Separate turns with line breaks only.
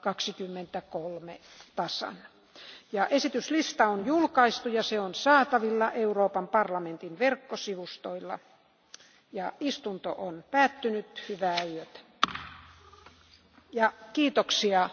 kaksikymmentäkolme tasan. esityslista on julkaistu ja se on saatavilla euroopan parlamentin verkkosivustoilla. istunto on päättynyt hyvää yötä ja
kiitoksia